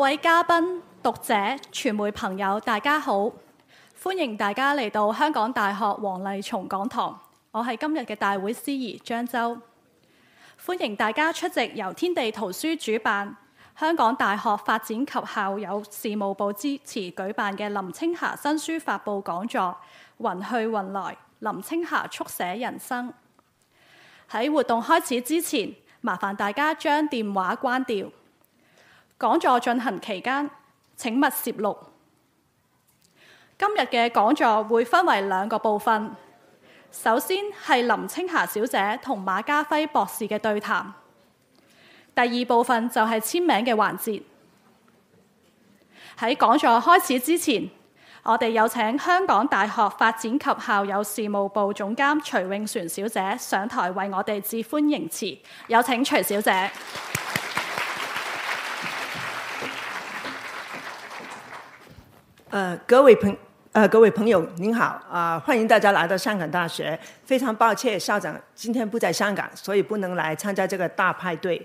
各位嘉賓、讀者、傳媒朋友，大家好！歡迎大家嚟到香港大學黃麗松講堂。我係今日嘅大會司儀張舟，歡迎大家出席由天地圖書主辦、香港大學發展及校友事務部支持舉辦嘅林青霞新書發布講座《雲去雲來：林青霞速寫人生》。喺活動開始之前，麻煩大家將電話關掉。講座進行期間，請勿攝錄。今日嘅講座會分為兩個部分，首先係林青霞小姐同馬家輝博士嘅對談，第二部分就係簽名嘅環節。喺講座開始之前，我哋有請香港大學發展及校友事務部總監徐永璇小姐上台為我哋致歡迎詞，有請徐小姐。各位朋，呃，各位朋友，您好，啊、呃，歡迎大家來到香港大學。非常抱歉，校長今天不在香港，所以不能來參加這個大派對。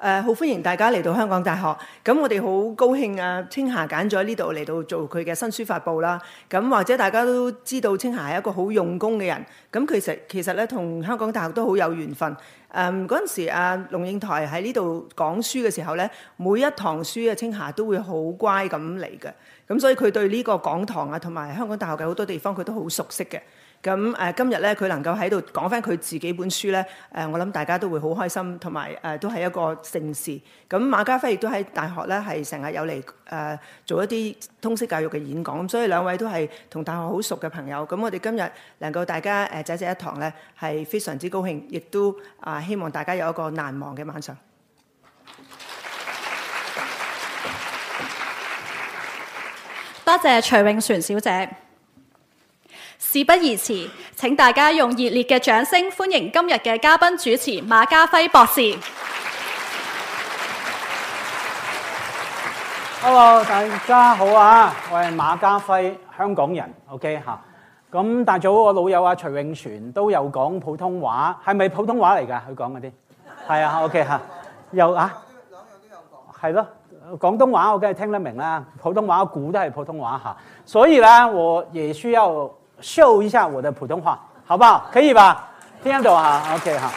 好、呃、歡迎大家嚟到香港大學。咁我哋好高興啊，青霞揀咗呢度嚟到做佢嘅新書發布啦。咁或者大家都知道，青霞係一個好用功嘅人。咁其實其實呢，同香港大學都好有緣分。嗰、呃、陣時阿、啊、龍應台喺呢度講書嘅時候呢，每一堂書啊，青霞都會好乖咁嚟嘅。咁所以佢對呢個講堂啊，同埋香港大學嘅好多地方，佢都好熟悉嘅。咁、呃、今日咧，佢能夠喺度講翻佢自己本書咧、呃，我諗大家都會好開心，同埋、呃、都係一個盛事。咁馬家輝亦都喺大學咧係成日有嚟、呃、做一啲通識教育嘅演講，所以兩位都係同大學好熟嘅朋友。咁我哋今日能夠大家誒仔、呃、一堂咧，係非常之高興，亦都、呃、希望大家有一個難忘嘅晚上。多謝徐永璇小姐。事不宜遲，請大家用熱烈嘅掌聲歡迎今日嘅嘉賓主持馬家輝博士。Hello，大家好啊！我係馬家輝，香港人。OK 嚇、啊。咁大早，我老友阿徐永璇都有講普通話，係咪普通話嚟㗎？佢講嗰啲係啊。OK 嚇。又啊？兩樣、啊、都有講。係咯。廣東話我梗係聽得明啦，普通話，古代普通話哈，所以呢，我也需要秀一下我的普通話，好不好？可以吧？聽得懂啊？OK 哈。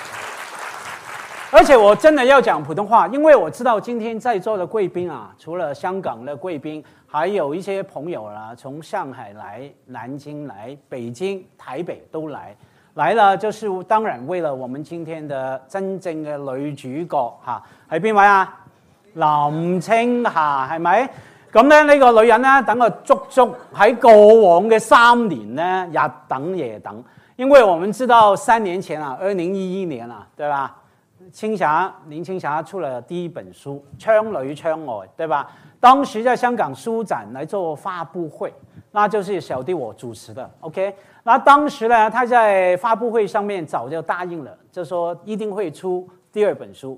而且我真的要講普通話，因為我知道今天在座的貴賓啊，除了香港的貴賓，還有一些朋友啊，從上海來、南京來、北京、台北都來，來了就是當然為了我們今天的真正的女主角哈，係邊位啊？林青霞係咪？咁咧呢，呢個女人呢，等我足足喺過往嘅三年呢，日等夜等。因為我們知道三年前啊，二零一一年啦，對吧？青霞林青霞出了第一本書《窗裏窗外》，對吧？當時在香港書展嚟做發布會，那就是小弟我主持的。OK，那當時呢，他在發布會上面早就答應了，就說一定會出第二本書。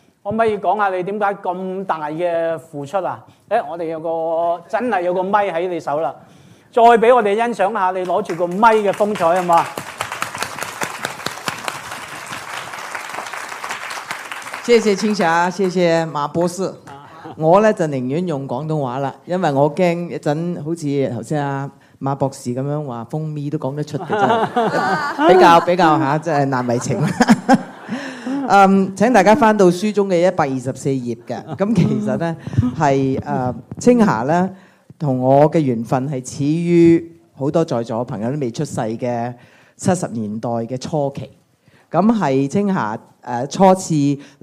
可唔可以講下你點解咁大嘅付出啊？誒、哎，我哋有個真係有個咪喺你手啦，再俾我哋欣賞下你攞住個咪嘅風采，係嘛？謝謝青霞，謝謝馬博士。我咧就寧願用廣東話啦，因為我驚一陣好似頭先阿馬博士咁樣話蜂蜜都講得出嘅，比較比較嚇、啊，真係難為情。嗯，請大家翻到書中嘅一百二十四頁嘅，咁其實呢，係誒青霞呢，同我嘅緣分係始於好多在座嘅朋友都未出世嘅七十年代嘅初期，咁係青霞誒初次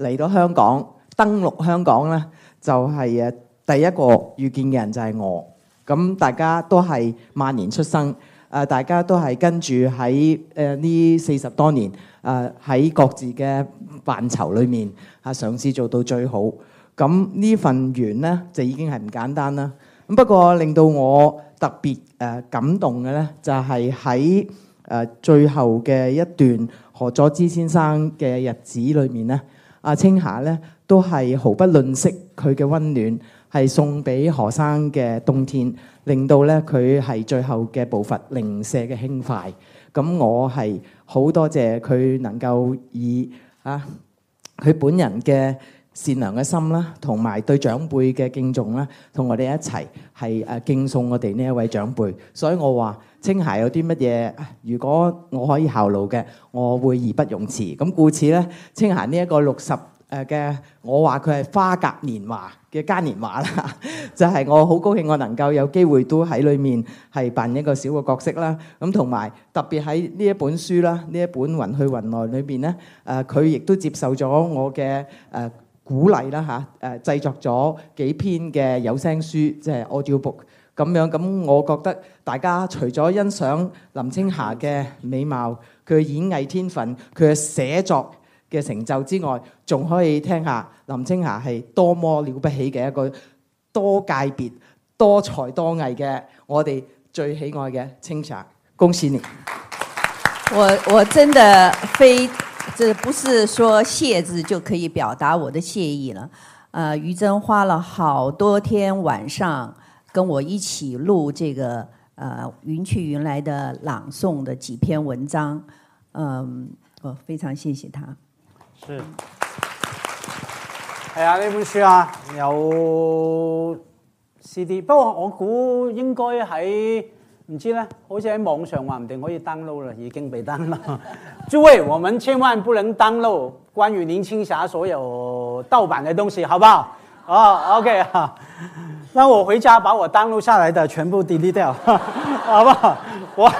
嚟到香港登陸香港呢，就係誒第一個遇見嘅人就係我，咁大家都係萬年出生，誒大家都係跟住喺誒呢四十多年。誒喺各自嘅範疇裏面啊，嘗試做到最好。咁呢份緣咧就已經係唔簡單啦。咁不過令到我特別誒感動嘅咧，就係喺誒最後嘅一段何佐芝先生嘅日子裏面咧，阿青霞咧都係毫不吝惜佢嘅温暖，係送俾何生嘅冬天，令到咧佢係最後嘅步伐零舍嘅輕快。咁我係好多謝佢能夠以啊佢本人嘅善良嘅心啦，同埋對長輩嘅敬重啦，同我哋一齊係誒敬送我哋呢一位長輩。所以我話青霞有啲乜嘢，如果我可以效勞嘅，我會義不容辭。咁故此咧，青霞呢一個六十。誒嘅，我話佢係花甲年華嘅嘉年華啦，就係我好高興我能夠有機會都喺裏面係扮一個小嘅角色啦。咁同埋特別喺呢一本書啦，呢一本雲去雲來裏邊咧，誒佢亦都接受咗我嘅誒鼓勵啦嚇，誒製作咗幾篇嘅有聲書，即係 audio book 咁樣。咁我覺得大家除咗欣賞林青霞嘅美貌、佢嘅演藝天分、佢嘅寫作嘅成就之外，仲可以聽下林青霞係多麼了不起嘅一個多界別多才多藝嘅我哋最喜愛嘅青霞，恭喜你！我我真的非這不是說謝字就可以表達我的謝意了。呃、余珍花了好多天晚上跟我一起錄這個啊雲、呃、去雲來的朗誦的幾篇文章，嗯、呃，我、哦、非常謝謝她。書，係啊，呢本書啊有 CD，不過我估應該喺唔知咧，好似喺網上話唔定可以 download 啦，已經被 download 啦。諸 位，我們千萬不能 download 關於林青霞所有盜版嘅東西，好不好？哦、 oh, OK 啊，那我回家把我 download 下來的全部 delete 掉， 好不好？我。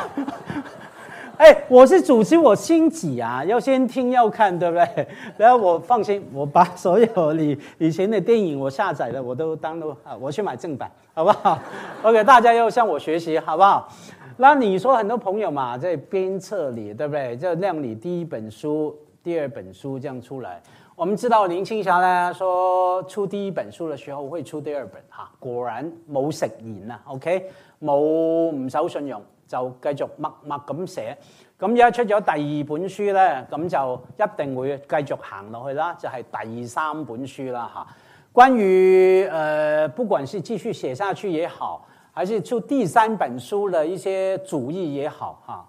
哎，我是主持，我心急啊，要先聽要看，對不對？然後我放心，我把所有你以前的電影我下載的，我都當做啊，我去買正版，好不好？OK，大家要向我學習，好不好？那你說很多朋友嘛，在鞭策你，對不對？就量你第一本書，第二本書這樣出來。我們知道林青霞呢，說出第一本書的時候會出第二本哈，果然冇食言啦，OK，冇唔守信用。就繼續默默咁寫，咁而家出咗第二本書咧，咁就一定會繼續行落去啦，就係第三本書啦嚇。關於誒，不管是繼續寫下去也好，還是出第三本書的一些主意也好啊。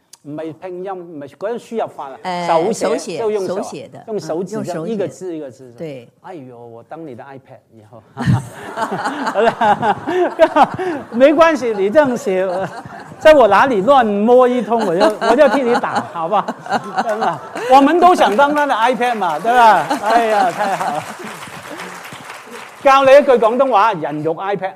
唔係拼音，唔係嗰種輸入法啦，哎，手寫就用手，手，手，手，手寫的，嗯、用手指一個字、嗯、一，個字一個字。對，哎呦，我當你的 iPad 以後，哈哈，沒關係，你這樣寫，在我哪裏亂摸一通，我就我就替你打，好唔好？真啊，我們都想當他的 iPad 嘛，對嗎？哎呀，太好了！ 教你一句廣東話，人肉 iPad。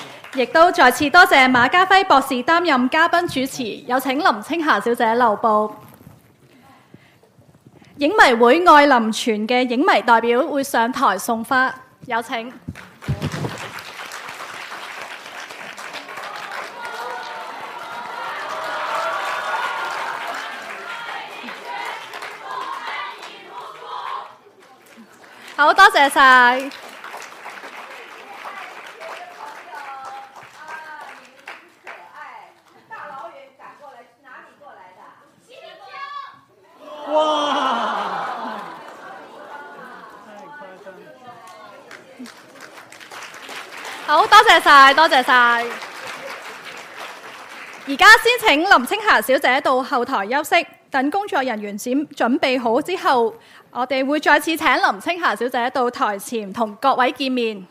亦都再次多謝馬家輝博士擔任嘉賓主持，有請林青霞小姐留步。影迷會愛林泉嘅影迷代表會上台送花，有請。好，多謝曬。哇！好，多謝晒，多謝晒。而家先請林青霞小姐到後台休息，等工作人員展準備好之後，我哋會再次請林青霞小姐到台前同各位見面。